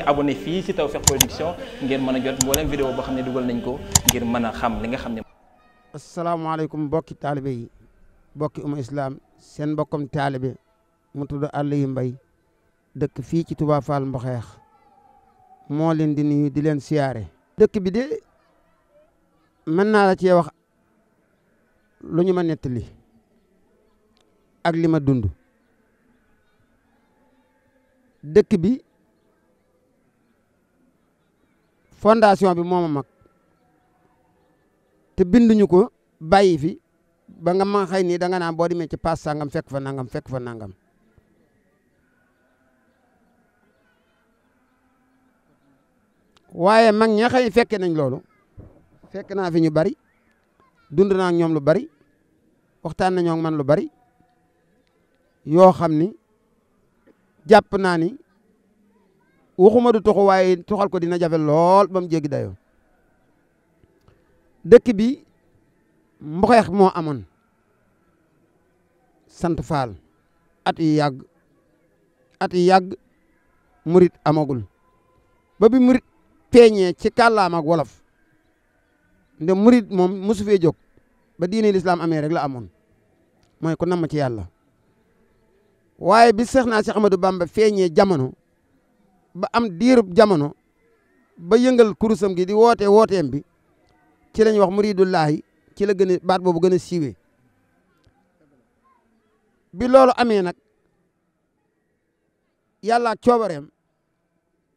abonné fii ci Tawfekh Production ngir mën a jot mboolem vidéo boo xam ne dugal nañ ko ngir mën a xam li nga xam ne asalaamaaleykum bokki taalibe yi bokki umu islaam seen mbokkum taalibe mu tudd Aliou mbay dëkk fii ci Touba Fall Mboxeex moo leen di nuyu di leen siyaare dëkk bi de mën naa la cee wax lu ñu ma nettali ak li ma dund dëkk bi fondation bi moom a mag te binduñu ko bàyyi fi ba nga ma xëy nii da nga naan boo demee ci paas sangam fekk fa nangam fekk fa nangam waaye mag ña xëy fekke nañ loolu fekk naa fi ñu bari dund naa ñoom lu bari waxtaan nañoo man lu bari yoo xam ni jàpp naa ni waxuma du toxu waaye toxal ko dina jafe lool ba mu jéggi dayoo dëkk bi mboxeex moo amoon sant faal at yi yàgg at yi yàgg murit amagul ba bi murit peeñee ci kàllaam ak wolof nde murit moom mosu fee jóg ba diine lislaam amee rek la amoon mooy ku namm ci yàlla waaye bi Seex naa Seex Ahmadu Bamba feeñee jamono ba am diirub jamono ba yëngal kurusam gi di woote wooteem bi ci lañ wax muridullahi ci la gën a baat boobu gën a siiwe bi loolu amee nag yàlla ak coobareem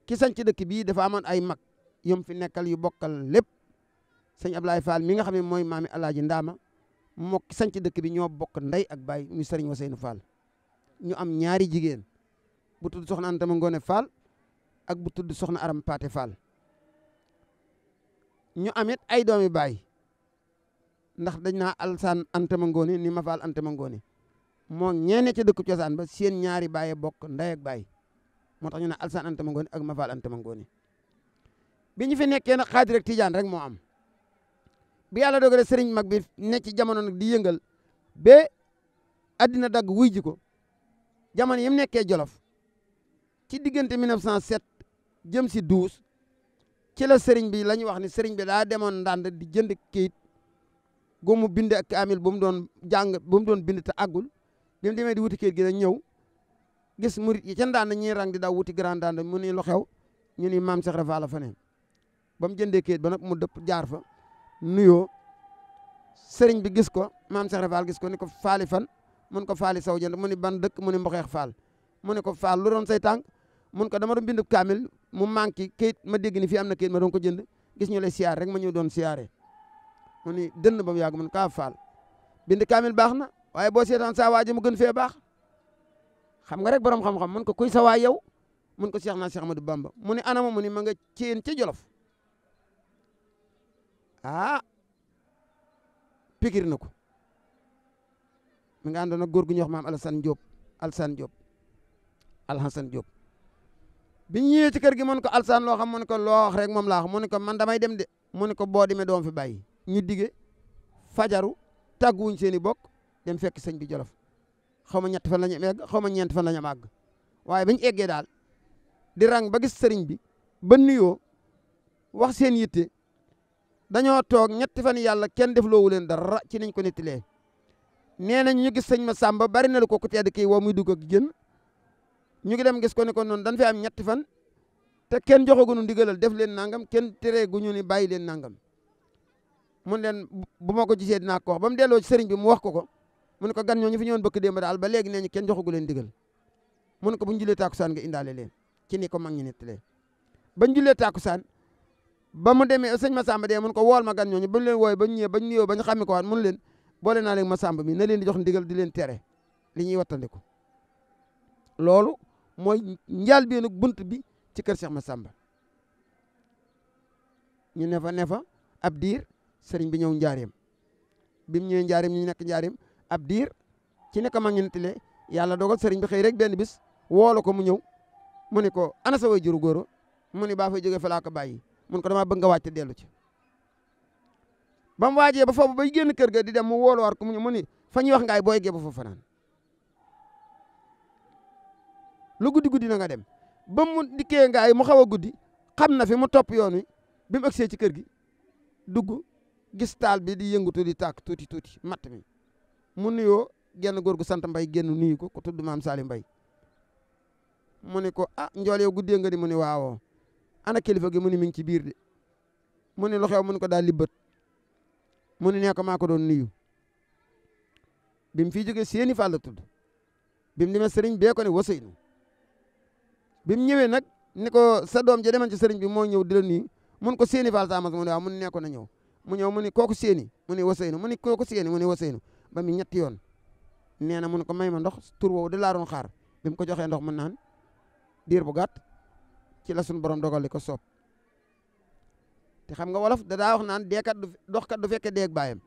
ki sañ ci dëkk bii dafa amoon ay mag yom fi nekkal yu bokkal lépp sëñ Ablaye Fall mi nga xam ne mooy maami Alaaji Ndaama moo ki sañ ci dëkk bi ñoo bokk ndey ak baay muy sëriñ Waseynu Fall ñu am ñaari jigéen bu tudd soxna Anta Ngoone Fall ak bu tudd soxna aram Paate Fall ñu amit ay doomi baay ndax dañ naa alsaan antama ngoone ni ma faal antama ngoone moo ñeene ca dëkku cosaan ba seen ñaari baaye bokk ndey baay moo tax ñu ne alsaan antama ngoone ak ma faal antama ngoone bi ñu fi nekkee na xaadir ak tijaan rek moo am bi yàlla dogale sëriñ mag bi ne ci jamono nag di yëngal ba addina dagg wuy ko jamono yim nekkee jolof ci diggante 1907 jëm si douze ci la sëriñ bi la ñuy wax ni sëriñ bi daa demoon ndànd di jënd kayit gu mu bind ak kaamil bu mu doon jàng bu mu doon bind te àggul bi mu di wuti kayit gi nag ñëw gis murit yi ca ndànd ñii rang di daw wuti grand ndànd mu ni lu ñu ni maam Cheikh Rafa la fa neen ba mu jëndee ba nag mu dëpp jaar fa nuyoo sëriñ bi gis ko maam Cheikh Rafa gis ko ni ko faali fan mun ko faali saw jënd mu ban dëkk mu ni faal mu ne ko faal lu doon say tànk mun ko dama doon mu manqué kayit ma dégg ni fii am na kayit ma doon ko jënd gis ñu lay siyaar rek ma ñëw doon siyaare mu ni dënn ba mu yàgg man kaa faal bind kaamil baax na waaye boo seetaan saa waaji mu gën fee baax xam nga rek borom xam-xam mun ko kuy sa waay yow mun ko Cheikh naa ma Amadou Bamba mu ni anama mu ni ma nga ceen ca Jolof ah pikir na ko mi nga àndoon ak góor gu ñuy wax maam Alassane Diop Alassane Diop Alhassane Diop bi ñu ñëwee ci kër gi mun ko alsaan loo xam mun ko loo wax rek moom laa wax mu ne ko man damay dem de mu ne ko boo demee doom fi bàyyi ñu dige fajaru tàgguwuñ seen i bokk dem fekk sëñ bi jolof xaw ma ñetti fan la ñu xaw ma ñeent fan la màgg waaye bi eggee daal di rang ba gis sëriñ bi ba nuyoo wax seen yitte dañoo toog ñetti fan yàlla kenn def loowu leen dara ci niñ ko nittilee nee nañ ñu gi sëñ ma sàmba bari na lu ko ku tedd kii woo muy dugg ak génn ñu ngi dem gis ko ne ko noonu dañ fi am ñetti fan te kenn joxaguñu ndigalal def leen nangam kenn teree guñu ni bàyyi leen nangam mun leen bu ma ko gisee dinaa ko wax ba mu delloo ci sëriñ bi mu wax ko ko mun ko gan ñoo ñu fi ñëwoon bëkk daal ba léegi nee ñu kenn joxagu leen ndigal mun ko bu ñu julee taakusaan nga indaale leen ci ni ko mag ñi nettalee ba ñu julee taakusaan ba mu demee sëñ Massamba dee mun ko wool ma gan ñooñu ba ñu leen wooyee ba ñu ñëwee ba ñu nuyoo ba ñu xàmme ko waat mun leen boole naa leen samba mi na leen di jox ndigal di leen tere li ñuy wattandiku loolu mooy njaal bi nag bunt bi ci kër Cheikh Massamba ñu ne fa ne fa ab diir sëriñ bi ñëw njaareem bi mu ñëwee njaareem ñu nekk njaareem ab diir ci nekk mag ñu nettalee yàlla dogal sëriñ bi xëy rek benn bis woolo ko mu ñëw mu ne ko ana sa way juru góoro mu ne baa fay jógee fa laa ko bàyyi mun ko damaa bëgg nga wàcc dellu ci ba mu waajee ba foofu bay génn kër ga di dem mu wooluwaat ko mu ñëw mu ne fa ñuy wax gee ba fa fanaan lu guddi guddi na nga dem ba mu dikkee nga ay mu xaw a guddi xam na fi mu topp yoon wi bi mu agsee ci kër gi dugg gis bi di yëngutu di tàkk tuuti tuuti matt mi mun nuyoo genn góor gu sant mbay génn nuyu ko ku tudd maam Saali Mbay mu ne ko a ah, njool yow guddee nga di mu ne waawoo ana kilifa gi mu ne mi ngi ci biir de mu ne lu xew mu ko daal libbët mu ne nee ko maa ko doon nuyu bi mu fiy jógee seeni fàll tudd bi mu demee sëriñ bee ko ne wasaynu bi mu ñëwee nag ni ko sa doom ja deman ci sëriñ bi moo ñëw di la nuyu mun ko seeni faal saamas mu ne waaw mun nekkoon na ñëw mu ñëw mu ni kooku séeni mu ni waseynu mu ni kooku séeni mu ni waseynu ba mi ñetti yoon nee na mun ko may ma ndox tur woowu di laa doon xaar bi mu ko joxee ndox mun naan diir bu gàtt ci la suñu borom dogal li ko soob te xam nga wolof da wax naan deekat du doxkat du fekkee deeg baayam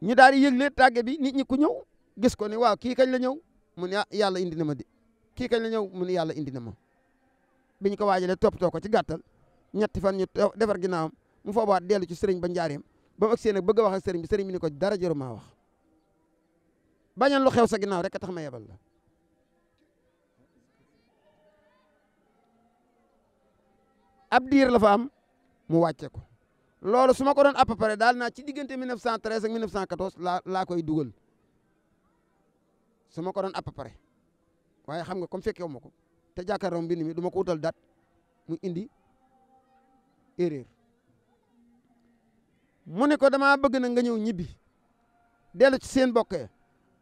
ñu daal di yëgle tàgge bi nit ñi ku ñëw gis ko ni waaw kii kañ la ñëw mu ne ah, yàlla indi na ma kii kañ la ñëw mu ne yàlla indi na ma biñ ko waajalee toppatoo ko ci gàttal ñetti fan ñu defar ginnaawam mu foobaat dellu ci sëriñ ba njaareem ba mu agsee nag bëgg a wax ak sëriñ bi sëriñ bi ni ko dara jëru maa wax bañal lu xew sa ginnaaw rek a tax ma yebal la ab diir la fa am mu wàcce ko loolu su ko doon à peu près daal naa ci diggante 1913 ak 1914 laa laa koy dugal su ma ko doon à peu waaye xam nga comme fekkewu ma ko te jàkkaarloo mbind mi du ma ko wutal date mu indi erreur mu ne ko damaa bëgg na nga ñëw ñibbi dellu ci seen bokkee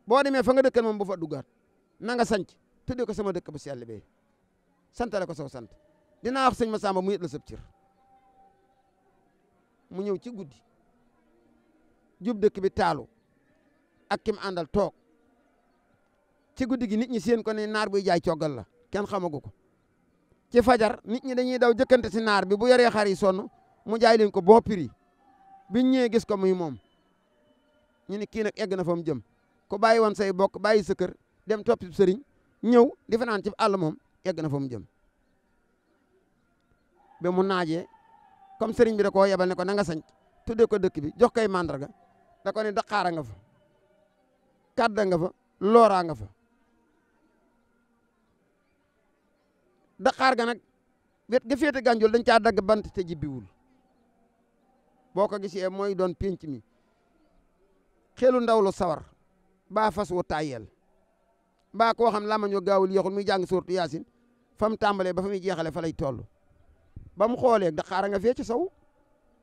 boo demee fa nga dëkkal moom bu fa duggaat nanga sanc tuddee ko sama dëkk bu sell bee santale ko saw sant dinaa wax sëñ Massamba mu yët la sëb cir mu ñëw ci guddi jub dëkk bi taalu ak kim àndal toog ci guddi gi nit ñi séen ko ne naar buy jaay coggal la kenn xamagu ko ci fajar nit ñi dañuy daw jëkkante si naar bi bu yoree xar yi sonn mu jaay leen ko bon prix biñ ñëwee gis ko muy moom ñu ne kii nag egg na fa mu jëm ko bàyyi woon say bokk bàyyi sa kër dem toppi sëriñ ñëw di fa naan ci àll moom egg na fa mu jëm ba mu naajee comme sëriñ bi da koo yebal ne ko na nga sañ tuddee ko dëkk bi jox koy màndarga da ko ne daqaara nga fa kadda nga fa looraa nga fa daqaar ga nag wet ga féete gànjol dañ caa dagg bant te jibbiwul boo ko gisee mooy doon pénc mi xelu ndaw lu sawar baa fas taayel tàyyeel baa koo xam lamañoo gaawul yéexul muy jàng suurtu yaasin fa mu tàmbalee ba fa muy jeexale fa lay toll ba mu xoolee daqaar nga fee ci saw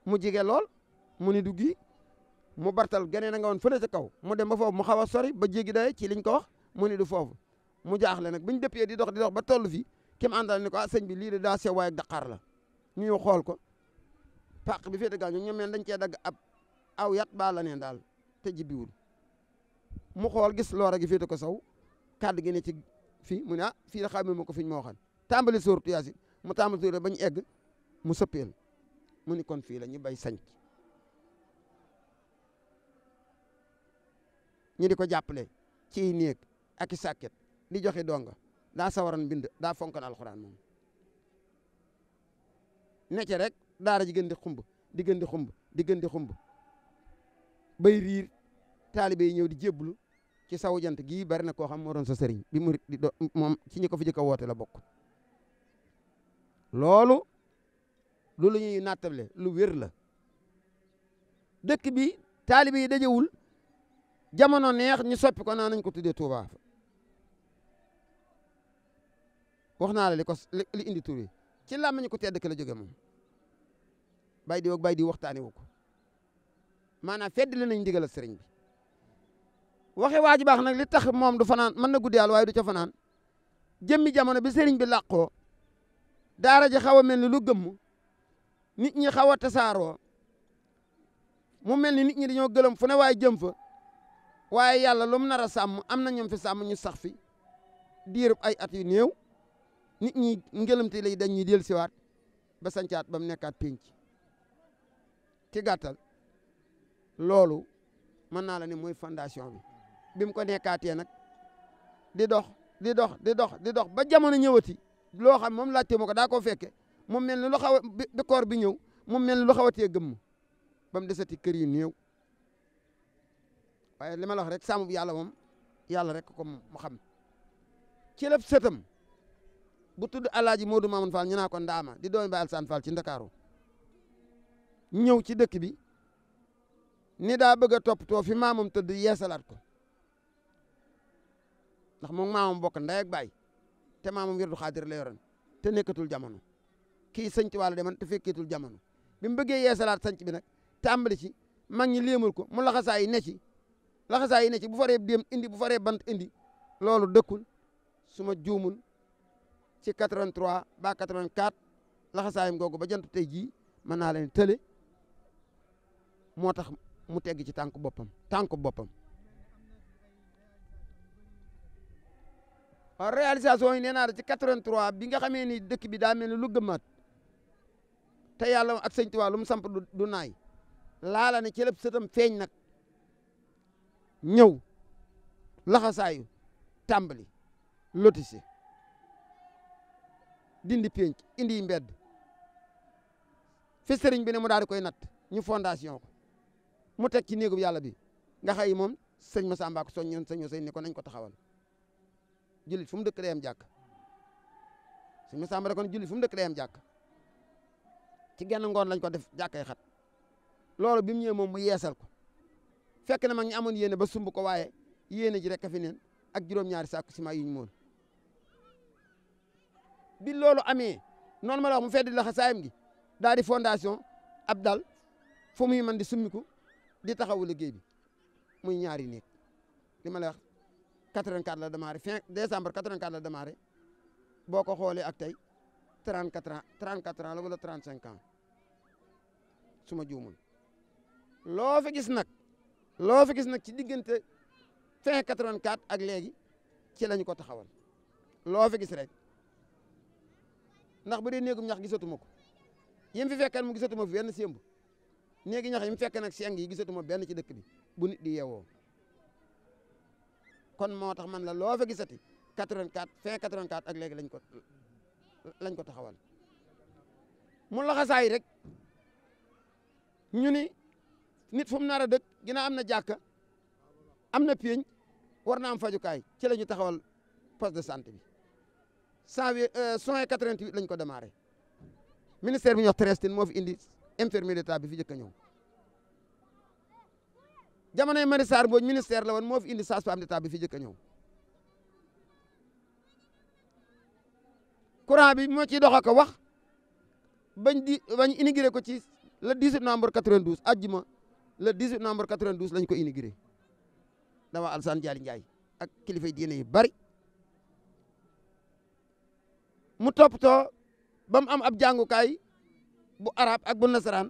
mu jige lool mu ni duggi mu bartal genee na nga woon sa kaw mu dem ba foofu mu xaw a sori ba jéggi daye ci liñ ko wax mu ni du foofu mu jaaxale nag buñ dëppee di dox di dox ba tollu fii ki mu àndal ni ko ah sëñ bi lii de daa sew waaye daqaar la ñu xool ko pàq bi féete gaa ñu ñoom meen dañ cee dagg ab aw yat baa la daal te jibbiwul mu xool gis loora gi féete ko saw kàddu gi ne ci fii mu ne ah fii da xamee ma ko fi ñu ma waxoon tàmbali sooratu yaasin mu tàmbali sooratu ba ñu egg mu sëppeel mu ni kon fii la ñu bay sanc ñu di ko jàppale ci néeg ak i sàkket di joxe donga daa sawaroon bind daa fonkan alxuraan moom ne rek daara ji gën di xumb di gën xumb di xumb bay riir taalibe yi ñëw di jébbalu ci sawu gii bari na koo xam moo doon sa sëriñ bi murit moom ci ñi ko fi jëkk a la bokk loolu lu lu ñuy nattable lu wér la dëkk bi taalibe yi dajewul jamono neex ñu soppi ko naa nañ ko tuddee Touba wax naa la li ko li indi tur ci ci làmmiñ ko tedd ki la jóge moom bay di wog bay di waxtaane wu ko maanaam fedd li nañ digal sëriñ bi waxe waa ji baax nag li tax moom du fanaan mën na guddi yàlla waaye du ca fanaan jëmmi jamono bi sëriñ bi làqoo daara ji xaw a mel ni lu gëmm nit ñi xaw a tasaaroo mu mel ni nit ñi dañoo gëlëm fu ne waaye jëm fa waaye yàlla lu mu nar a sàmm am na ñoom fi sàmm ñu sax fi diirub ay at yu néew nit ñi ngëlamte lay dañ ñuy dellusiwaat ba sancaat ba mu nekkaat pénc ci gàttal loolu mën naa la ne mooy fondation bi bi ko nekkaatee nag di dox di dox di dox di dox ba jamono ñëwati loo xam moom laajte ma ko daa koo fekke mu mel ni lu xaw a bi koor bi ñëw mu mel ni lu xaw a tee gëmm ba mu desati kër yu néew waaye li ma wax rek sàmm bu yàlla moom yàlla rek ko mu xam ci lépp bu tudd alaaji Modou ma Fall ñu naa ko Ndaama di doomi Baye Alsaan Fall ci Ndakaaru ñëw ci dëkk bi ni daa bëgg a toppatoo fi maamam tëdd yeesalaat ko ndax moom maamam bokk ndey ak baay te maamam wirdu xaadir la yoroon te nekkatul jamono kii sëñ ci wàllu deman te fekkeetul jamono bi mu bëggee yeesalaat sëñ bi nag tàmbali ci mag ñi léemul ko mu laxasaa yi ne ci laxasaa yi ne ci bu faree déem indi bu faree bant indi loolu dëkkul suma ma juumul ci 83 ba 84 laxasaayam googu ba jant tey jii mën naa leen tële moo tax mu tegg ci tànk boppam tànk boppam waaw réalisation yi nee naa la ci 83 bi nga xamee ni dëkk bi daa mel ni lu gëmaat te yàlla ak sëñ Tuubaa lu mu samp du naay laala ne ci lépp sëtam feeñ nag ñëw laxasaayu tàmbali lotissé dindi pénc indi mbedd fi sëriñ bi ne mu daal di koy natt ñu fondation ko mu teg ci néegub yàlla bi nga xay moom sëñ Massamba ko soñ ñoon sëñ Ousseyn ne ko nañ ko taxawal jullit fu mu dëkk day am jàkk sëñ Massamba ne kon jullit fu mu dëkk day am jàkk ci genn ngoon lañ ko def jàkkay xat loolu bi mu ñëwee moom mu yeesal ko fekk na mag ñi amoon yéene ba sumb ko waaye yéene ji rek a fi ak juróom-ñaari sàkku ciment yi ñu moon bi loolu amee noonu ma la wax mu fedd la xasaayam gi daal di fondation ab dal fu muy mën di summiku di taxawu liggéey bi muy ñaari néeg li ma la wax 84 la démarré fin décembre 84 la démarré boo ko xoolee ak tey 34 ans 34 ans la wala 35 ans su ma juumul loo fi gis nag loo fi gis nag ci diggante fin 84 ak léegi ci lañu ko taxawal loo fi gis rek. ndax bu dee néegum ñax gisatuma ko yim fi fekkan mu gisatuma fi benn sémb néegi ñax yi mu fekk nag seng yi gisatuma benn ci dëkk bi bu nit di yeewoo kon moo tax man la loo fa gisati 84 fin 84 ak léegi lañ ko lañ ko taxawal mu laxasaay rek ñu ni nit fu nara nar a dëkk ginnaaw am na jàkka am na péeñ war na am fajukaay ci la taxawal poste de santé bi janvier juin 88 lañ ko démarré ministère bi ñuy wax Trestine moo fi indi infirmier d'état bi fi njëkk a ñëw jamonoy Marie Sarr Mbooj ministère la woon moo fi indi sage-femme d'état bi fi njëkk a ñëw courant bi moo ciy dox ko wax bañ di bañ inauguré ko ci le 18 novembre 92 àjjuma le 18 novembre 92 lañ ko inauguré dama Alassane Dialy Ndiaye ak kilifa diine yu bari mu topp toppatoo ba mu am ab jàngukaay bu arab ak bu nasaraan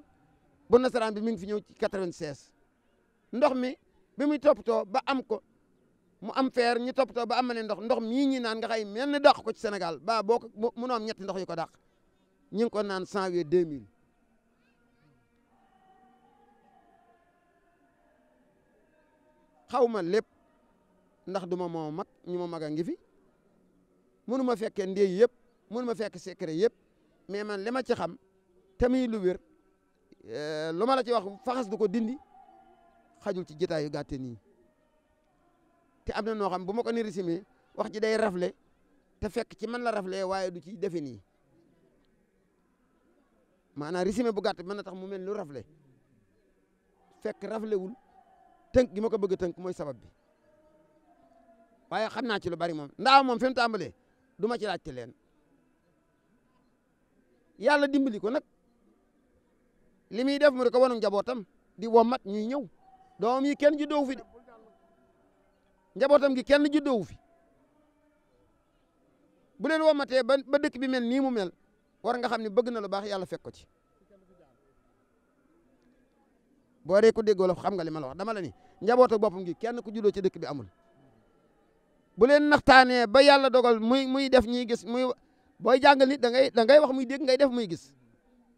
bu nasaraan bi mi ngi fi ñëw ci quatre ndox mi bi muy too ba am ko mu am feer ñu topp too ba am ne ndox ndox mii ñi naan nga xay mel ne dàq ko ci Sénégal ba boo ko mënoo am ñetti ndox yu ko dàq ñu ngi ko naan janvier deux mille xaw ma lépp ndax du ma mag ñu ma mag a ngi fi mënu ma fekkee ndey yëpp mun ma fekk secret yëpp mais man li ma ci xam tamit lu wér euh, lu ma la ci wax faxas du ko dindi xajul ci jotaay yu gàtte nii te am na noo xam bu ma ko ni résumé wax ji day rafle te fekk ci man la rafle waaye du ci defe nii maanaam risime bu gàtt mën na tax mu mel lu rafle fekk raflewul tënk gi ma ko bëgg a tënk mooy sabab bi waaye xam naa ci lu bari moom ndaa moom fi mu tàmbalee du ma ci laajte leen yàlla dimbali ko nag li muy def mu di ko njabootam di womat ñuy ñëw doomam yi kenn juddoo fi de njabootam gi kenn juddoo fi bu leen womatee ba ba dëkk bi mel nii mu mel war nga xam ne bëgg na lu baax yàlla fekk ko ci boo dee ko la xam nga li ma la wax dama la ni njabootu boppam gi kenn ku juddoo ci dëkk bi amul bu leen naxtaanee ba yàlla dogal muy muy def ñuy gis muy booy jàngal nit da ngay da ngay wax muy dégg ngay def muy gis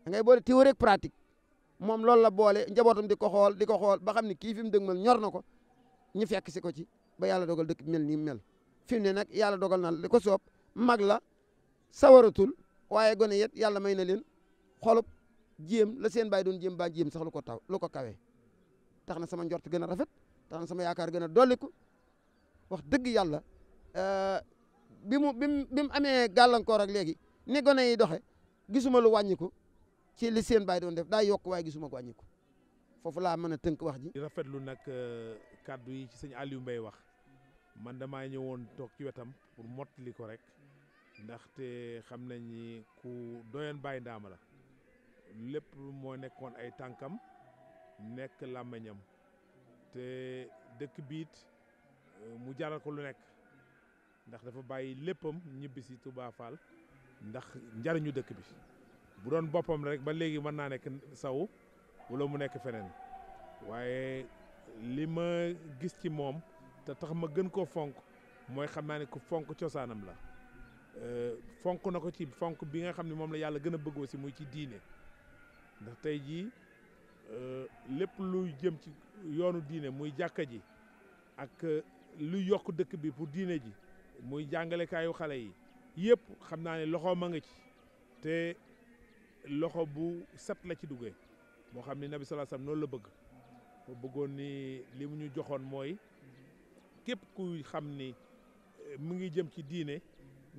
da ngay boole théorie ak pratique moom loolu la boole njabootam di ko xool di ko xool ba xam ni kii fi mu dëgmal ñor na ko ñu fekk si ko ci ba yàlla dogal dëkk mel nii mel fi mu ne nag yàlla dogal na li ko soob mag la sawaratul waaye gone yet yàlla may na leen xolub jéem la seen bàyyi doon jéem baa jéem sax lu ko taw lu ko kawee tax na sama njort gën a rafet tax na sama yaakaar gën a dolliku wax dëgg yàlla eh, bi mu bi mu bi mu amee gàllankoor ak léegi ni gone doxe gisuma lu wàññiku ci li seen baay doon def daa yokk waaye gisuma ko wàññiku foofu laa mën a tënk wax ji. di rafetlu nag euh, kàddu yi ci sëñ Aliou Mbaye wax man damaa ñëwoon toog ci wetam pour mottali ko rek ndaxte xam nañ ni ku doyoon bàyyi ndaama la lépp moo nekkoon ay tànkam nekk làmmiñam te dëkk biit euh, mu jaral ko lu nekk. ndax dafa bàyyi léppam ñibbi si Touba ndax njariñu dëkk bi bu doon boppam rek ba léegi mën naa nekk saw wala mu nekk feneen waaye li ma gis ci moom te tax ma gën koo fonk mooy xam naa ne ku fonk cosaanam la euh, fonk na ko ci fonk bi nga xam ne moom la yàlla gën a bëggoo si muy ci diine ndax tey jii euh, lépp lu jëm ci yoonu diine muy jàkka ji ak euh, luy yokk dëkk bi pour diine ji muy jàngalekaayu xale yi yëpp xam naa ne loxo ma nga ci te loxo bu set la ci duggee moo xam ni nabi sallallahu alayhi wasallam noonu la bëgg mu bëggoon ni li mu ñu joxoon mooy képp ku xam ni eh, mu ngi jëm ci diine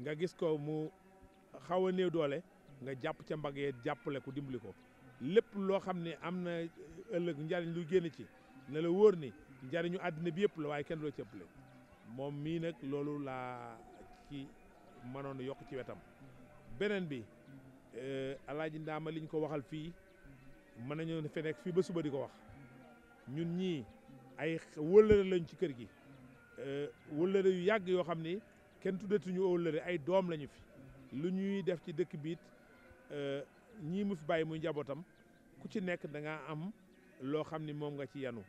nga gis ko mu xaw a doole nga jàpp ca mbagg yee jàppale ko dimbali ko lépp loo xam ne am na eh, ëllëg njariñ lu génn ci ne la wóor ni njariñu àddina bi yëpp la waaye kenn loo ci ëppale moom mii nag loolu laa ci mënoon yokk ci wetam beneen bi eh, alaaji ndaama liñ ko waxal fii mën nañu ne fe nekk fii ba suba di ko wax ñun ñii ay wëllëre lañ ci kër gi eh, wëllëre yu yàgg yoo xam ni kenn tuddatuñu wëllëre ay doom lañu fi lu ñuy def ci dëkk biit eh, ñii mu fi bàyyi muy njabootam ku ci nekk da am loo xam ni moom nga ci yanu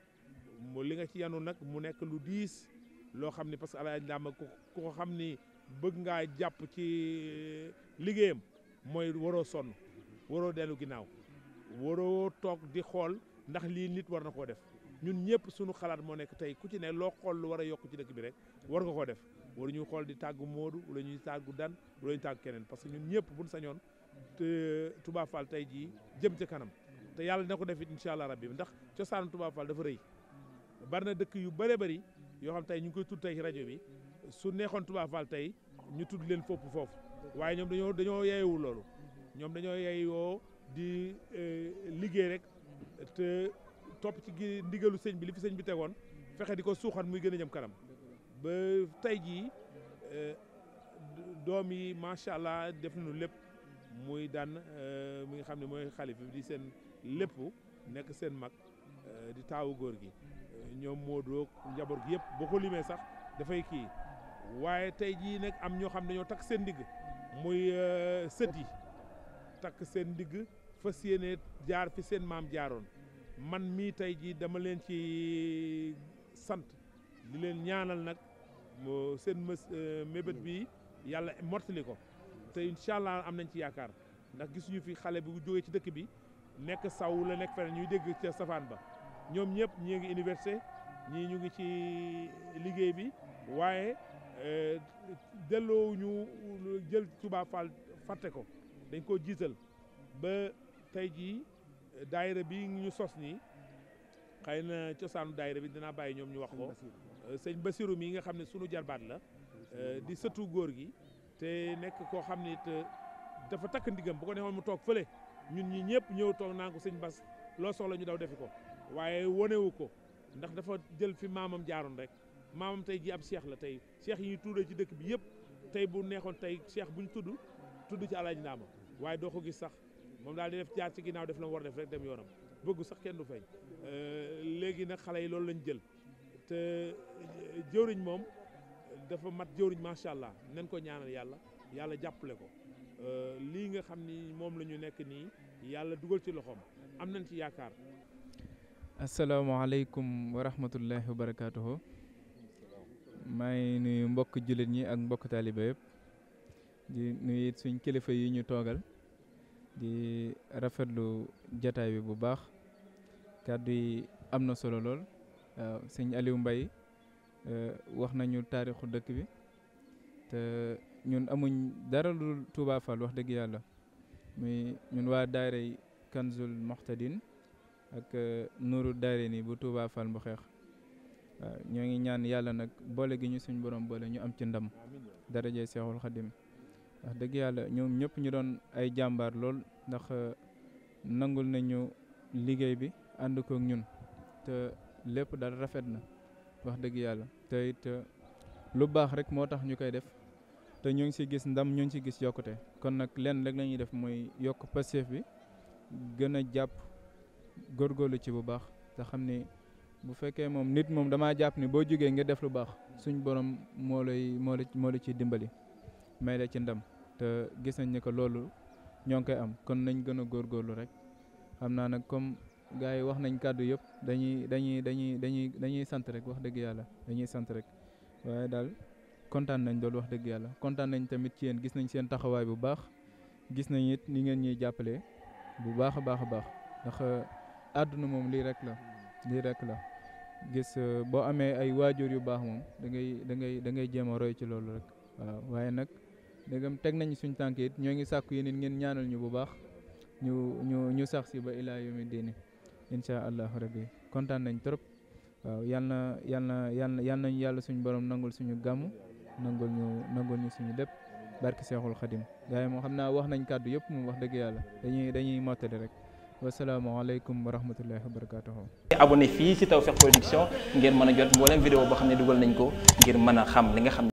mu li nga ci yanu nag mu nekk lu diis loo xam ni parce que Alaaji Ndaama ku ko xam ni bëgg ngaa jàpp ci eh, liggéeyam mooy waroo sonn waroo dellu ginnaaw waroo toog di xool ndax lii nit war na koo def ñun ñëpp sunu xalaat moo nekk tey ku ci ne loo xool lu war a yokk ci dëkk bi rek war nga koo def waru ñu xool di tàggu Moodu wala ñuy tàggu Dan wala ñuy tàggu keneen parce que ñun ñëpp buñ sañoon te eh, Touba Fall tey jii jëm ca kanam te yàlla dina ko def it incha allah rabbi ndax cosaanu Touba Fall dafa rëy bari na dëkk yu bëree bari yoo xam tey ñu ngi koy tudd tey rajo bi su neexoon Touba Fall tey ñu tudd leen fopp foofu waaye ñoom dañoo dañoo yeewu loolu ñoom dañoo yeewoo di euh, liggéey rek te topp ci ndigalu sëñ bi li fi sëñ bi tegoon fexe di ko suuxan muy gën a jëm kanam ba tey jii euh, doom yi macha allah def nañu lépp muy daan euh, mi nga xam ne mooy xalif di seen lépp nekk seen mag di taawu góor gi ñoom Modou ak njaboot gi yëpp boo ko limee sax dafay kii waaye tey jii nag am ñoo xam ne ñoo takk seen digg mooy euh, sët yi takk seen ndigg fas yéene jaar fi seen maam jaaroon man mii tey jii dama leen ci sant di leen ñaanal nag seen mës euh, mébét bi yàlla mottali ko tey incha allah am nañ ci yaakaar ndax gisuñu fi xale bi bu jógee ci dëkk bi nekk saw la nekk feneen ñuy dégg ca safaan ba ñoom ñëpp ñu ngi université ñii ñu ngi ci liggéey bi waaye euh, delloo ñu jël Touba Fall fàtte ko dañ koo jiital ba tey jii daayira bi ñu sos nii xëy na cosaanu daayira bi dinaa bàyyi ñoom ñu wax ko sëñ Basiru euh, mi nga xam ne sunu jarbaat la euh, di sëtu góor gi te nekk koo xam ni it dafa takk ndigam bu ko neexoon mu toog fële ñun ñi ñëpp ñëw toog naa ko sëñ Bas loo solo ñu daw defi ko waaye wonewu ko ndax dafa jël fi maamam jaaroon rek maamam tey ji ab seex la tey seex yi ñu tuuree ci dëkk bi yëpp tey bu neexoon tey seex bu ñu tudd tudd ci alaaji ndaama waaye doo ko gis sax moom daal di def jaar ci ginnaaw def la war def dem yoonam bëggu sax kenn du feeñ euh, léegi nag xale yi loolu lañ jël te euh, jëwriñ moom dafa mat jëwriñ macha allah nañ ko ñaanal yàlla yàlla jàppale ko euh, lii nga xam ni moom la ñu nekk nii yàlla dugal ci loxoom am nañ ci yaakaar asalaamaaleykum wa rahmatullahi wa barakaatuhu maa ngi nuyu mbokk jullit ñi ak mbokk taaliba yëpp di nuyu suñ kilifa yi ñu toogal di rafetlu jataay bi bu baax kàddu yi am na solo lool waaw sëñ Aliou mbay euh, wax nañu taarixu dëkk bi te ñun amuñ dara lu Touba Fall wax dëgg yàlla muy ñun waa daaray Kanzul Moxtadin ak euh, nuru Nuuru nii bu Touba Fall Mbuxeex waaw ñoo ngi ñaan yàlla nag boole gi ñu suñ borom boole ñu am ci ndam daraje Seexul Xadim wax dëgg yàlla ñoom ñëpp ñu doon ay jàmbaar lool ndax euh, nangul nañu liggéey bi ànd kook ñun te lépp dal rafet na wax dëgg yàlla te it euh, lu baax rek moo tax ñu koy def te ñu ngi si gis ndam ñu ngi si gis yokkute kon nag lenn rek la def mooy yokk passif bi gën a jàpp góor góorlu ci bu baax te xam ni bu fekkee moom nit moom damaa jàpp ni boo jógee nga def lu baax suñ borom moo lay moo la moo la ciy dimbali may la ci ndam te gis nañ ni ko loolu ñoo ngi koy am kon nañ gën a góorgóorlu rek xam naa nag comme gars yi wax nañ kàddu yëpp dañuy dañuy dañuy dañuy dañuy sant rek wax dëgg yàlla dañuy sant rek waaye daal kontaan nañ loolu wax dëgg yàlla kontaan nañ tamit ci yéen gis nañ seen taxawaay bu baax gis nañ it ni ngeen ñuy jàppale bu baax a baax a baax àdduna moom lii rek la lii rek la gis euh, boo amee ay waajur yu baax moom da ngay da ngay da ngay a roy ci loolu rek waaw waaye nag ndegam teg nañ suñ tànk ñoo ngi sàkku yéen ngeen ñaanal ñu bu baax ñu ñu ñu sax si ba ilaa yawmi diini incha allahu rabbi kontaan nañ trop waaw yal na yal na yàlla suñu boroom nangul suñu gàmm nangul ñu nangul ñu suñu lépp barki seexul xadim gars moo xam naa wax nañ kàddu yëpp moom wax dëgg yàlla dañuy mottali rek wasalaamaaleykum wa rahmatullahi wa barakatuhu abonné fii ci Tawfekh Production ngeen mën a jot mboolem vidéo boo xam ne dugal nañ ko ngir mën a xam li nga xam